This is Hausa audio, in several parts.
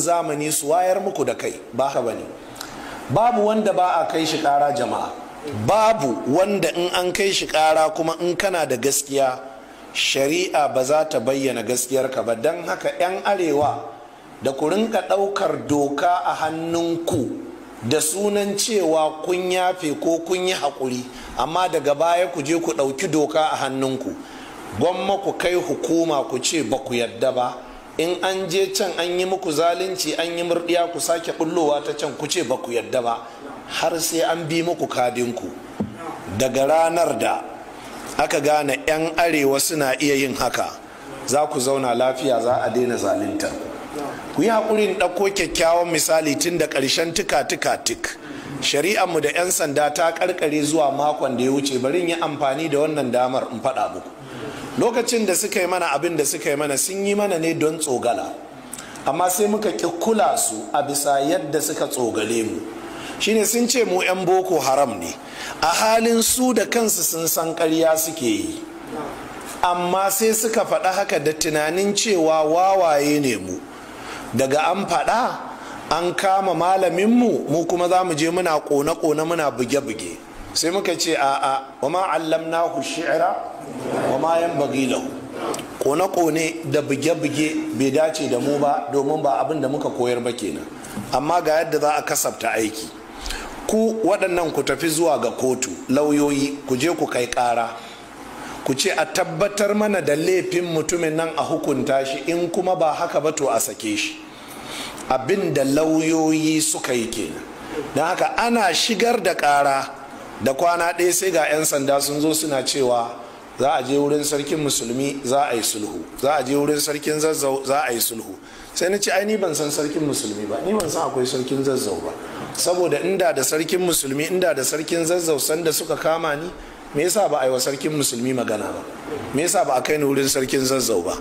zamani su wayar muku da kai ba haka bane babu wanda ba a kai shi kara jama'a babu wanda in an kai shi kara kuma in kana da gaskiya shari'a ba za ta bayyana gaskiyarka ba don haka 'yan arewa da ku rinka ɗaukar doka a hannunku da sunan cewa kun yafe ko kun yi haƙuri amma daga baya ku je ku ɗauki doka a hannunku gwamma ku kai hukuma ku ce ba ku yadda ba in an je can an yi muku zalunci an yi murdiya ku sake bullowa ta can ku ce ba ku yadda ba har sai an bi muku kadinku daga ranar da aka gane 'yan arewa suna iya yin haka za ku zauna lafiya za a daina zalunta ku yi haƙurin ɗauko kyakkyawan misali tun da ƙarshen tuka-tuka tik mu da 'yan sanda ta karkare zuwa makon da ya wuce bari yi amfani da wannan damar in faɗa muku lokacin da suka yi mana abin da suka yi mana sun yi mana ne don tsogala amma sai muka ƙi kula su a bisa yadda suka tsogale mu shine sun ce mu 'yan boko haram ne a halin su da kansu sun san karya suke yi amma sai suka faɗa haka da tunanin cewa wawaye ne mu daga an faɗa an kama malaminmu mu kuma za mu je muna ƙone-ƙone muna buge-buge sai muka ce a a wa ma ku shi'ra wa ma yan kone-kone da buge-buge bai dace da mu ba domin ba abin da muka koyar ba kenan amma ga yadda za a kasafta aiki ku waɗannan ku tafi zuwa ga kotu lauyoyi ku je ku kai ƙara ku ce a tabbatar mana da laifin mutumin nan a hukunta shi in kuma ba haka ba to a sake shi abin da lauyoyi suka yi kenan don haka ana shigar da ƙara da kwana ɗaya sai ga 'yan sanda sun zo suna cewa za a je wurin sarkin musulmi za a yi sulhu za a je wurin sarkin zazzau za a yi sulhu sai na ce ai ni ban san sarkin musulmi ba ni ban san akwai sarkin zazzau ba saboda inda da sarkin musulmi inda da sarkin zazzau sanda suka kama ni me yasa ba a yi wa sarkin musulmi magana ba me yasa ba a kai ni wurin sarkin zazzau ba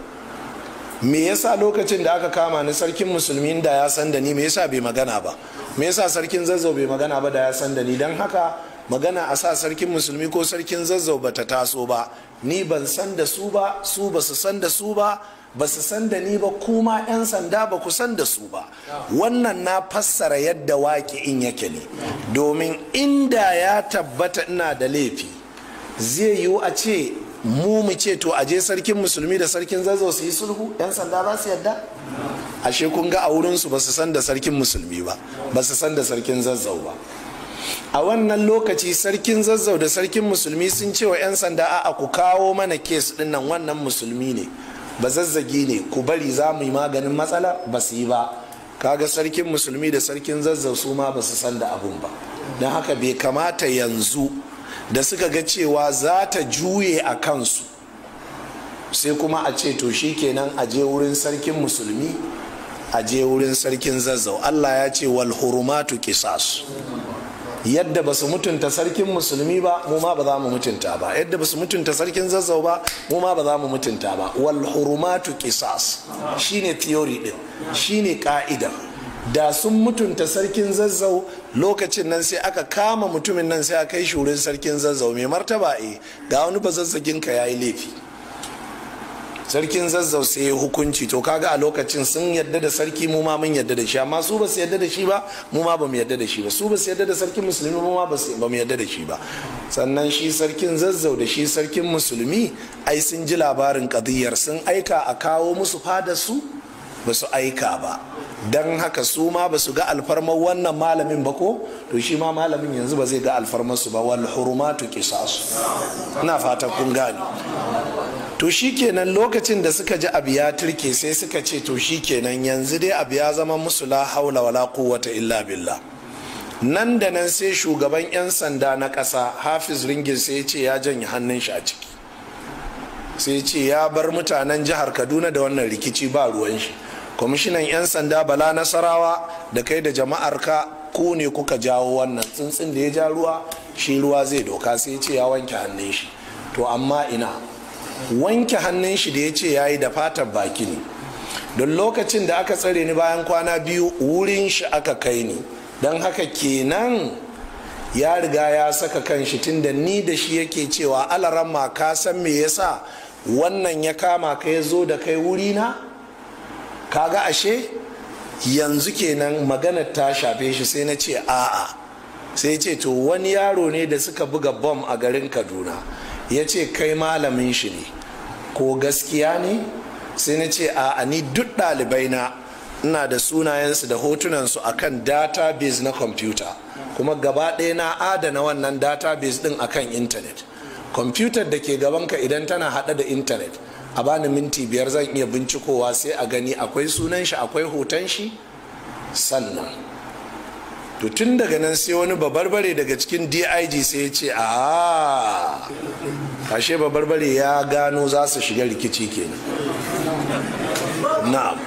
me yasa lokacin da aka kama ni sarkin musulmi inda ya san da ni me yasa bai magana ba me yasa sarkin zazzau bai magana ba da ya san da ni don haka magana a sa sarkin musulmi ko sarkin zazzau ba ta taso ba ni ban san da su ba su ba su san da su ba ba su san da ni ba kuma 'yan sanda ba ku san da su ba wannan na fassara yadda waƙi in yake ne domin inda ya tabbata ina da laifi zai yiwu a ce mu mu ce to aje sarkin musulmi da sarkin zazzau su yi sulhu 'yan sanda ba su yadda ashe kun ga a wurinsu ba su san da sarkin musulmi ba ba su san da sarkin zazzau ba a wannan lokaci sarkin zazzau da sarkin musulmi sun ce wa 'yan sanda a ku kawo mana kes dinnan wannan musulmi ne ba zazzagi ne ku bari za mu yi maganin matsala ba su yi ba kaga sarkin musulmi da sarkin zazzau su ma ba su san da abun ba don haka bai kamata yanzu da suka ga cewa za ta juye a kansu sai kuma a ce to shikenan a je wurin sarkin musulmi a je wurin sarkin zazzau allah ya ce wal hurumatu kisas yadda ba su mutunta sarkin musulmi ba mu ma ba za mu mutunta ba yadda ba su mutunta sarkin zazzau ba mu ma ba za mu mutunta ba wal hurumatu qisas shine theory din shine ka'ida da sun mutunta sarkin zazzau lokacin nan sai aka kama mutumin nan sai aka kai shi sarkin zazzau mai martaba eh ga wani zazzagin ka yayi laifi sarkin zazzau sai ya hukunci to kaga a lokacin sun yadda da sarki mu ma mun yadda da shi amma su ba su yadda da shi ba mu ma ba mu yadda da shi ba su ba su yadda da sarkin musulmi mu ma ba mu yadda da shi ba sannan shi sarkin zazzau da shi sarkin musulmi ai sun ji labarin kadiyar sun aika a kawo musu fada su ba su aika ba don haka su ma ba su ga alfarmar wannan malamin ba ko to shi ma malamin yanzu ba zai ga alfarmar su ba wal hurumatu qisasu ina fata kun gane to shi shikenan lokacin da suka ji abu ya turke sai suka ce to shi shikenan yanzu dai abu ya zama musu la haula wala quwwata illa billah nan da nan sai shugaban 'yan sanda na ƙasa hafiz ringil sai ya ce ya janye hannun shi a ciki sai ce ya bar mutanen jihar kaduna da wannan rikici ba ruwan shi kwamishinan 'yan sanda bala nasarawa da kai da jama'ar ka ku ne kuka jawo wannan tsuntsun da ya ja ruwa shi ruwa zai doka sai ce ya wanke hannun shi to amma ina wanke hannun shi da ya ce ya yi da fatar baki ne don lokacin da aka tsare ni bayan kwana biyu wurin shi aka kai ni don haka kenan ya riga ya saka kan shi tunda ni da shi yake cewa ma ka san me yasa wannan ya kama ka ya zo da kai wuri wurina kaga ashe yanzu kenan maganar ta shafe shi sai na ce a'a sai ce to wani yaro ne da suka buga bom a garin kaduna ya ce kai malamin shi ne ko gaskiya ne sai na ce a ni duk ɗalibai na ina da sunayensu da hotunansu a kan database na kwamfuta kuma gaba ɗaya na adana wannan database ɗin akan intanet kwamfutar da ke gabanka idan tana haɗa da intanet a bani minti biyar zan iya bincikowa sai a gani akwai sunan shi akwai hoton shi sannan to tun daga nan sai wani babarbare daga cikin dig sai ya ce a ah, ashe babarbare ya gano za su shiga rikici kenan na'am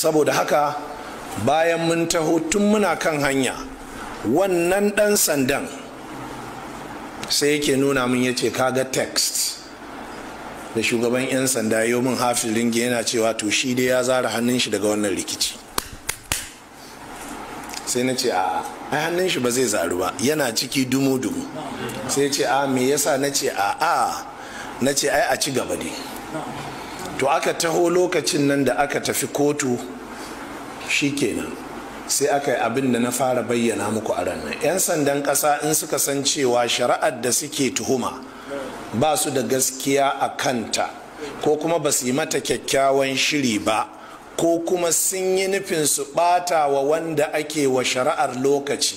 saboda haka bayan mun taho tun muna kan hanya wannan dan sandan sai yake nuna min ya ce kaga text da shugaban 'yan sanda yau min hafi ringi yana cewa to shi dai ya zara hannun shi daga wannan rikici sai na ce a ai hannun shi ba zai zaru ba yana ciki dumu dumu sai ce a me yasa na ce a a na ce ai a ci gaba ne to aka taho lokacin nan da aka tafi kotu shi kenan, sai aka yi abin da na fara bayyana muku a ranar 'yan sandan ƙasa in suka san cewa shari'ar da suke tuhuma ba su da gaskiya a kanta ko kuma ba su yi mata kyakkyawan shiri ba ko kuma sun yi nufin su ɓata wa wanda ake wa shari'ar lokaci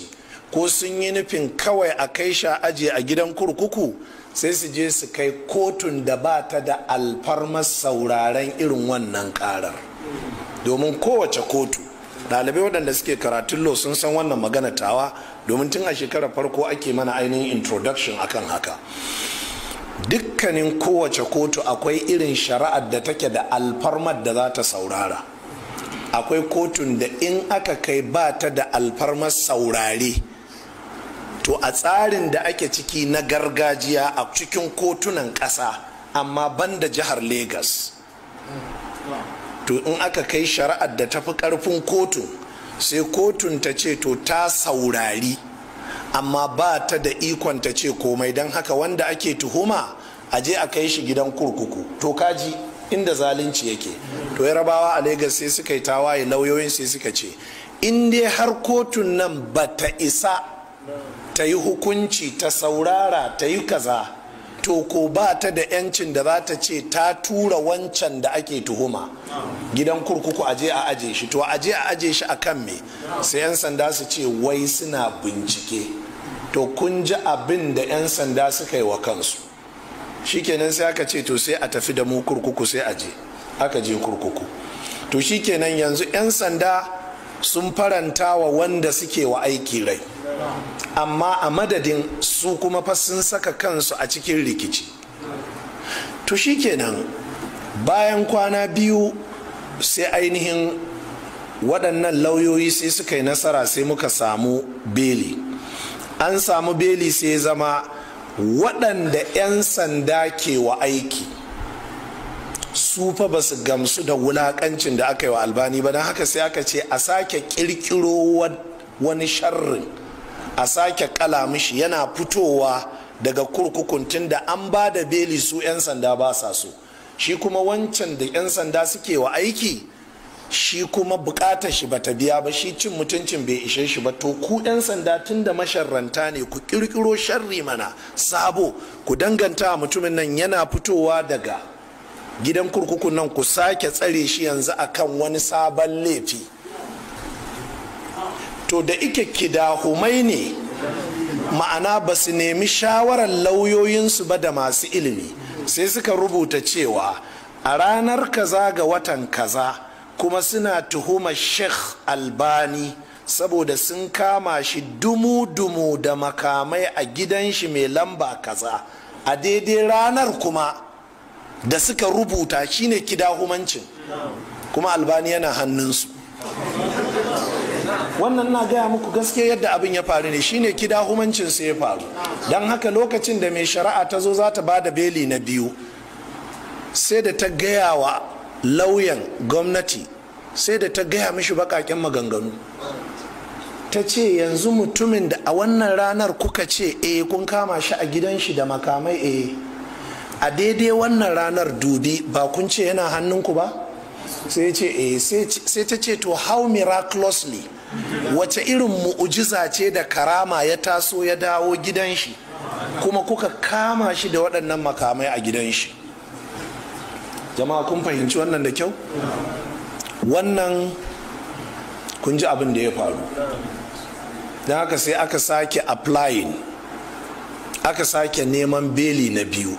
ko sun yi nufin kawai a kai sha aje a gidan kurkuku sai su je su kai kotun da ba ta da alfarmar sauraren irin wannan karar domin kowace kotu ɗalibai waɗanda suke karatun lo sun san wannan magana tawa domin tun a shekarar farko ake mana ainihin introduction akan haka dukkanin kowace kotu akwai irin shari'ar da take da alfarmar da za ta saurara akwai kotun da in aka kai ba ta da alfarmar saurare to a tsarin da ake ciki na gargajiya a cikin kotunan ƙasa amma ban da jihar Legas. to in aka kai shari'ar da tafi ƙarfin kotun sai kotun ta ce to ta saurari amma ba ta da ikon ta ce komai don haka wanda ake tuhuma a je a kai shi gidan kurkuku to kaji inda zalunci yake to yarabawa a Legas sai suka yi tawaye lauyoyin sai suka ce in dai har kotun nan ba ta isa ta yi hukunci ta saurara ta yi kaza to ko ba ta da yancin da za ta ce ta tura wancan da ake tuhuma gidan kurkuku aje a aje shi to aje a aje shi a kan me sai 'yan sanda su ce wai suna bincike to kun ji abin da 'yan sanda suka yi wa kansu shikenan sai aka ce to sai a tafi da mu kurkuku sai a je aka je kurkuku to shikenan yanzu 'yan sanda sun faranta wa wanda suke wa aiki rai amma a madadin su kuma fa sun saka kansu a cikin rikici to shikenan bayan kwana biyu sai ainihin waɗannan lauyoyi sai suka yi nasara sai muka samu beli an samu beli sai zama waɗanda 'yan sanda ke wa aiki su fa ba su gamsu da wulaƙancin da aka yi wa albani ba don haka sai aka ce a sake ƙirƙiro wani sharrin a sake kala mishi yana fitowa daga kurkukun tun da an ba da beli su 'yan sanda ba sa so shi kuma wancan da 'yan sanda suke wa aiki shi kuma bukatar shi bata biya ba shi cin mutuncin bai ishe shi ba to ku 'yan sanda tun da masharranta ne ku kirkiro sharri mana sabo ku danganta mutumin nan yana fitowa daga gidan kurkuku nan ku sake tsare shi yanzu akan wani sabon laifi to da ike kidahumai ne ma'ana ba su nemi shawarar lauyoyinsu ba da masu ilimi sai suka rubuta cewa a ranar kaza ga watan kaza kuma suna tuhuma sheikh albani saboda sun kama shi dumu-dumu da makamai a gidan shi mai lamba kaza a daidai ranar kuma da suka rubuta shine kidahumancin kuma albani yana hannunsu wannan na gaya muku gaske yadda abin ya faru ne shine kidahumancin sai ya faru don haka lokacin da mai shari'a ta zo za ta ba da beli na biyu sai da ta gaya wa lauyan gwamnati sai da ta gaya mishi bakaken maganganu ta ce yanzu mutumin da a wannan ranar kuka ce eh kun kama shi a gidan shi da makamai eh a daidai wannan ranar dubi ba kun ce yana hannunku ba sai ce eh sai ta ce to how miraculously wace irin mu'ujiza ce da karama ya taso ya dawo gidan shi kuma kuka kama shi da waɗannan makamai a gidan shi jama'a kun fahimci wannan da kyau wannan kun ji abin da ya faru don haka sai aka sake applying aka sake neman beli na biyu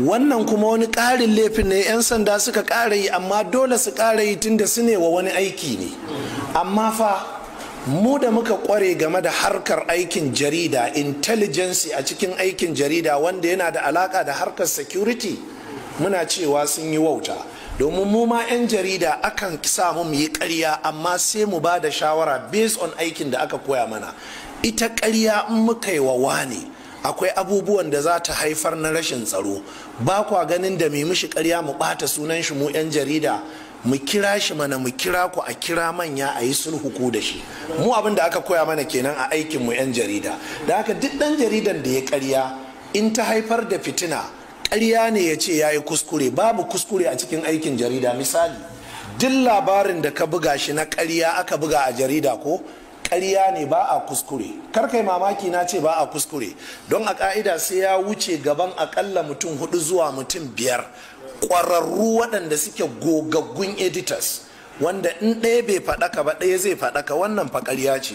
wannan kuma wani ƙarin laifin ne 'yan sanda suka ƙara yi amma dole su ƙara yi tunda su ne wa wani aiki ne amma fa mu da muka kware game da harkar aikin jarida intelligence a cikin aikin jarida wanda yana da alaka da harkar security muna cewa sun yi wauta domin mu ma 'yan jarida akan sa mu yi karya amma sai mu ba da shawara based on aikin da aka koya mana ita karya in muka yi wa wane akwai abubuwan da za ta haifar na rashin tsaro ba kwa ganin da mai mishi karya mu ɓata sunan shi mu 'yan jarida mu kira shi mana mu kira ku a kira manya a yi sulhu ku da shi mu abin da aka koya mana kenan a aikin mu 'yan jarida da haka duk dan jaridan da ya karya in ta haifar da fitina karya ne ya ce ya yi kuskure babu kuskure a cikin aikin jarida misali duk labarin da ka buga shi na karya aka buga a jarida ko karya ne ba a kuskure kar kai mamaki na ce ba a kuskure don a ka'ida sai ya wuce gaban akalla mutum hudu zuwa mutum biyar ƙwararru waɗanda suke gogaggun editors wanda in ɗaya bai faɗaka ba ɗaya zai faɗaka wannan fa ƙarya ce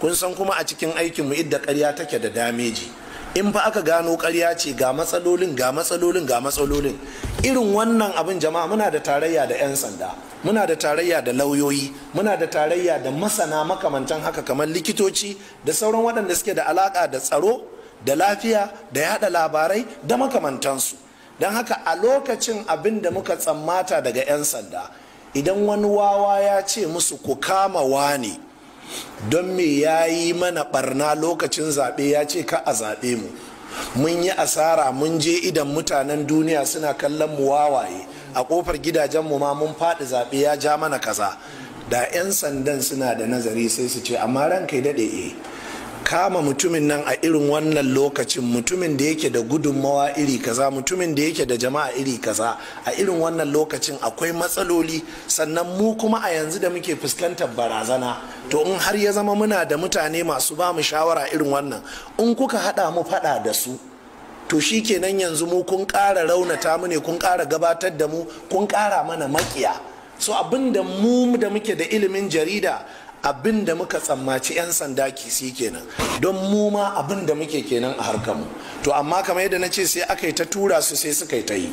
kun san kuma a cikin aikin mu idda ƙarya take da dameji in fa aka gano ƙarya ce ga matsalolin ga matsalolin ga matsalolin irin wannan abin jama'a muna da tarayya da 'yan sanda muna da tarayya da lauyoyi muna da tarayya da masana makamantan haka kamar likitoci da sauran waɗanda suke da alaƙa da tsaro da lafiya da yada labarai da makamantansu don haka a lokacin abin da muka tsammata daga 'yan sanda idan wani wawa ya ce musu ku kama wani don me ya yi mana barna lokacin zaɓe ya ce ka a zaɓe mu mun yi asara mun je idan mutanen duniya suna kallon mu wawaye a kofar mu ma mun faɗi zaɓe ya ja mana kaza da 'yan sandan suna da nazari sai su ce amma ranka daɗe eh kama mutumin nan a irin wannan lokacin mutumin da yake da gudunmawa iri kaza mutumin da yake da jama'a iri kaza a irin wannan lokacin akwai matsaloli sannan mu kuma a yanzu da muke fuskantar barazana to in har ya zama muna da mutane masu ba mu shawara irin wannan in kuka hada mu fada da su to shi kenan yanzu mu kun kara raunata mu ne kun ƙara gabatar da mu kun ƙara mana makiya so abin da mu da muke da ilimin jarida abin da muka tsammaci 'yan sanda kisi kenan don mu ma abin da muke kenan a harkar mu to amma kamar yadda na ce sai aka yi ta tura su sai suka yi ta yi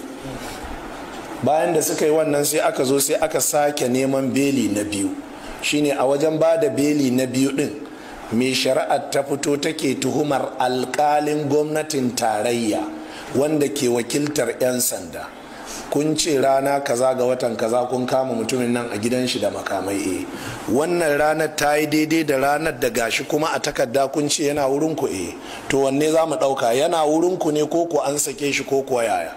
bayan da suka yi wannan sai aka zo sai aka sake neman beli na biyu shine a wajen ba da beli na biyu din mai shari'ar ta fito take tuhumar alkalin gwamnatin tarayya wanda ke wakiltar 'yan sanda kun ce rana kaza ga watan kaza kun kama mutumin nan a gidan shi da makamai e wannan ranar ta yi daidai da ranar da gashi kuma a takarda kun ce yana wurin ku e eh. to wanne za mu ɗauka yana wurin ku ne ko ku an sake shi ko kuwa yaya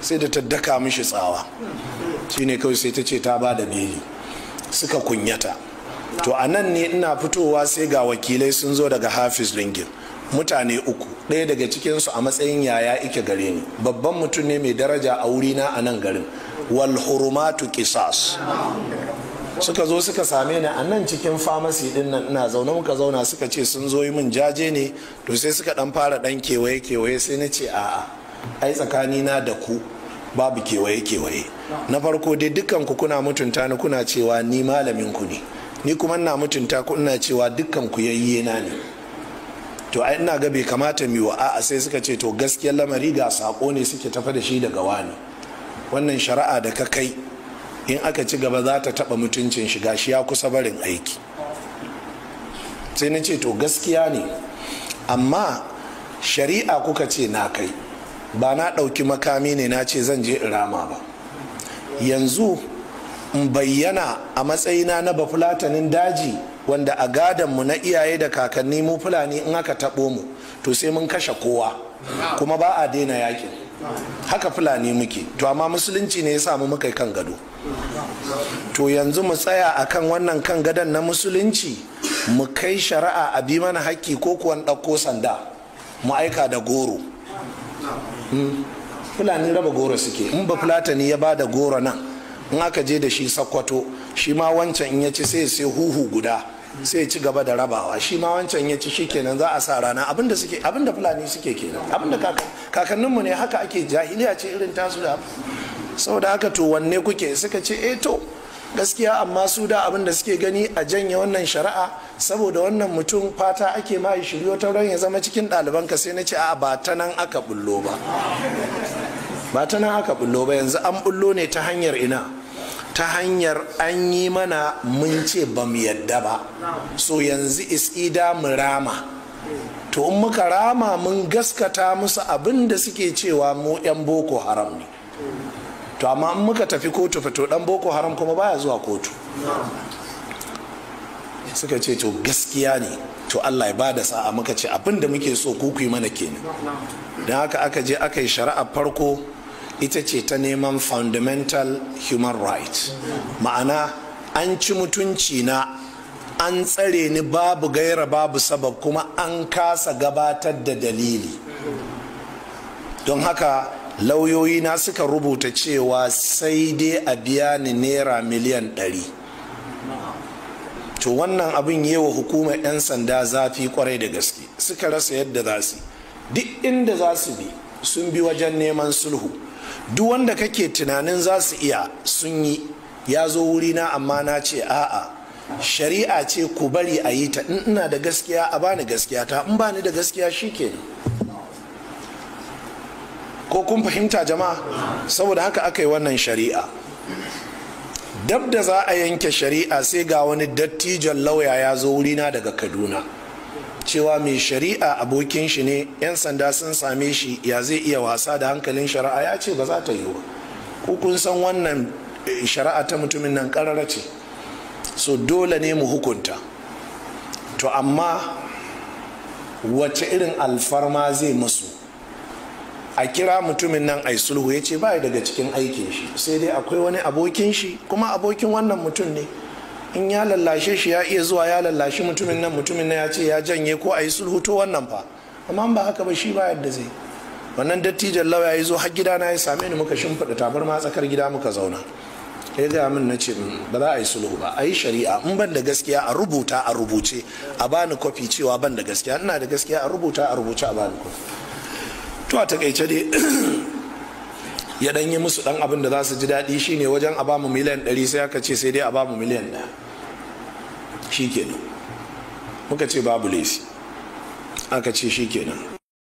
sai da ta daka mishi tsawa shine kawai sai ta ce ta bada beli suka kunyata to a nan ne ina fitowa sai ga wakilai sun zo daga hafiz ringin? mutane uku ɗaya daga cikinsu a matsayin yaya ike gare ni babban mutum ne mai daraja a wurina a nan garin wal hurumatu qisas suka zo suka same ni a nan cikin famasi din nan ina zaune muka zauna suka ce sun zo yi min jaje ne to sai suka dan fara dan kewaye kewaye sai na ce a'a ai tsakani na da ku babu kewaye kewaye na farko dai dukkan ku kuna mutunta ni kuna cewa ni malamin ku ne ni kuma ina mutunta ku ina cewa dukkan ku yayye ne to a ina ga bai kamata mi wa a'a sai suka ce to gaskiyar lamari ga sako ne suke tafa da shi daga wani wannan shari'a da ka kai in aka ci gaba za ta taba mutuncin shiga shi ya kusa barin aiki sai na ce to gaskiya ne amma shari'a kuka ce na kai ba na ɗauki makami ne na ce zan je irama ba yanzu in bayyana a matsayina na bafulatanin daji wanda a gadon mu na iyaye da kakanni mu fulani in aka taɓo mu to sai mun kashe kowa kuma ba a daina yakin haka fulani muke to amma musulunci ne ya samu muka kan gado to yanzu mu tsaya a kan wannan kan gadon na musulunci mu kai shari'a a bi mana haƙƙi ko kuwa ɗauko sanda mu aika da goro hmm. fulani raba goro suke in ba fulatani ya ba da goro nan in aka je da shi sakwato shi ma wancan in ya ci sai sai huhu guda sai ci gaba da rabawa shi ma wancan ya ci shi kenan za a sa rana abinda suke abinda fulani suke kenan abinda kakanninmu ne haka ake jahiliya ce irin tasu da saboda haka to wanne kuke suka ce eh to gaskiya amma su da abin da suke gani a janye wannan shari'a saboda wannan mutum fata ake ma ya shirya ta ran ya zama cikin ɗaliban ka sai na ce a ba ta nan aka bullo ba ba ta nan aka bullo ba yanzu an bullo ne ta hanyar ina ta hanyar an yi mana mun ce ba mu yadda ba so yanzu isida mu rama to in muka rama mun gaskata musu abin da suke cewa mu 'yan boko haram ne to amma in muka tafi kotu fito dan boko haram kuma baya zuwa kotu suka ce to gaskiya ne to allah ya bada sa'a muka ce abin da muke so ku yi mana kenan don haka aka je aka yi shari'a farko ita ce ta neman fundamental human right ma'ana an ci mutunci na an tsare ni babu gaira babu sabab kuma an kasa gabatar da dalili don haka lauyoyi na suka rubuta cewa sai dai a biya ni naira miliyan ɗari to wannan abin yi wa hukumar 'yan sanda zafi kwarai da gaske suka rasa yadda za su duk inda za su bi sun bi wajen neman sulhu duk wanda kake tunanin za su iya sun yi ya zo wurina amma na ce a'a shari'a ce ku bari a yi ta in ina da gaskiya a bani gaskiya ta in bani da gaskiya shi ke ko kun fahimta jama'a saboda haka aka yi wannan shari'a dab da za a yanke shari'a sai ga wani dattijon lauya ya zo wurina daga kaduna cewa mai shari'a abokin shi ne 'yan sanda sun same shi ya zai iya wasa da hankalin shari'a ya ce ba za ta yiwu ko kun san wannan eh, shari'a ta mutumin nan karara ce so dole ne mu hukunta to amma wace irin alfarma zai masu a kira mutumin nan ai sulhu ya ce ba daga cikin aikin shi sai dai akwai wani abokin shi kuma abokin wannan mutum ne in ya lallashe shi ya iya zuwa ya lallashi mutumin nan mutumin na ya ce ya janye ko a yi sulhu to wannan fa amma ba haka ba shi ba yadda zai wannan dattijan lawa ya yi zo har gida na ya same ni muka shimfiɗa tabar ma tsakar gida muka zauna ya gaya min na ce mm, ba za a yi sulhu ba a yi shari'a in ban da gaskiya a rubuta a rubuce a bani kofi cewa ban da gaskiya ina da gaskiya a rubuta a rubuce a bani kofi to a takaice dai ya dan musu dan abin da za su ji daɗi shine wajen a bamu miliyan ɗari sai aka ce sai dai a bamu miliyan ɗaya shi kenan muka ce babu laifi aka ce shi kenan